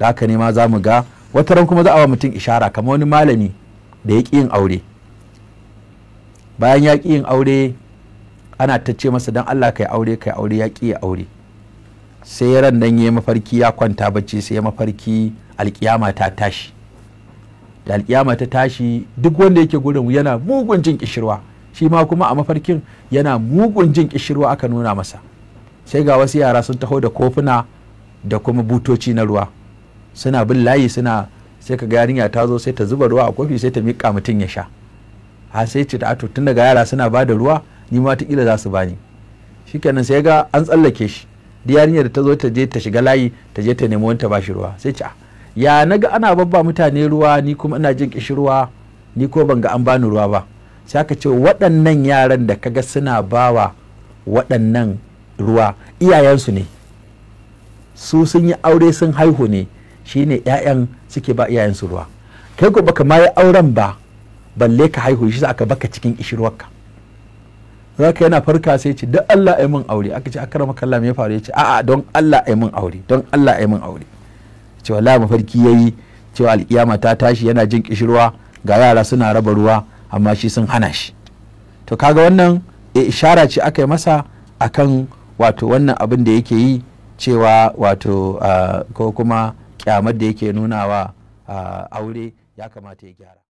da haka ne ma za mu ga wata ran kuma za a wa mutum ishara kamar wani malami da ya ƙi yin aure bayan ya ƙi yin aure ana ta ce masa don allah kai aure kai aure ya ƙi ya aure sai ya ran nan ya mafarki ya kwanta bacci sai ya mafarki alƙiyama ta tashi da alƙiyama ta tashi duk wanda yake gurin yana mugun jin kishirwa shi ma kuma a mafarkin yana mugun jin kishirwa aka nuna masa sai ga wasu yara sun taho da kofuna da kuma butoci na ruwa suna bin layi suna sai ka yarinya ta zo sai ta zuba ruwa a kofi sai ta miƙa mutum ya sha a sai ce ta tun daga yara suna ba da ruwa ni ma ta za su bani shikenan sai ga an tsallake shi da yarinya da ta zo ta je ta shiga layi ta je ta nemi ta bashi ruwa sai ce ya naga ana babba mutane ruwa ni kuma ina jin ruwa ni ko ban ga an bani ruwa ba sai aka ce waɗannan yaran da kaga suna bawa waɗannan ruwa iyayensu ne su sun yi aure sun haihu ne shine 'ya'yan suke ba su ruwa kai ko baka ma auren ba balle ka haihu shi aka baka cikin ishirwarka za ka yana farka sai ce don Allah ai mun aure aka ce akara makalla me ya faru ya ce a'a don Allah ai mun aure don Allah ai mun aure ce wallahi mafarki yayi cewa alkiyama ta tashi yana jin kishirwa ga yara suna raba ruwa amma shi sun hana shi to kaga wannan e ishara ce aka yi masa akan wato wannan abin da yake yi cewa wato ko kuma kyamar da yake nunawa ah, aure ya kamata ya gyara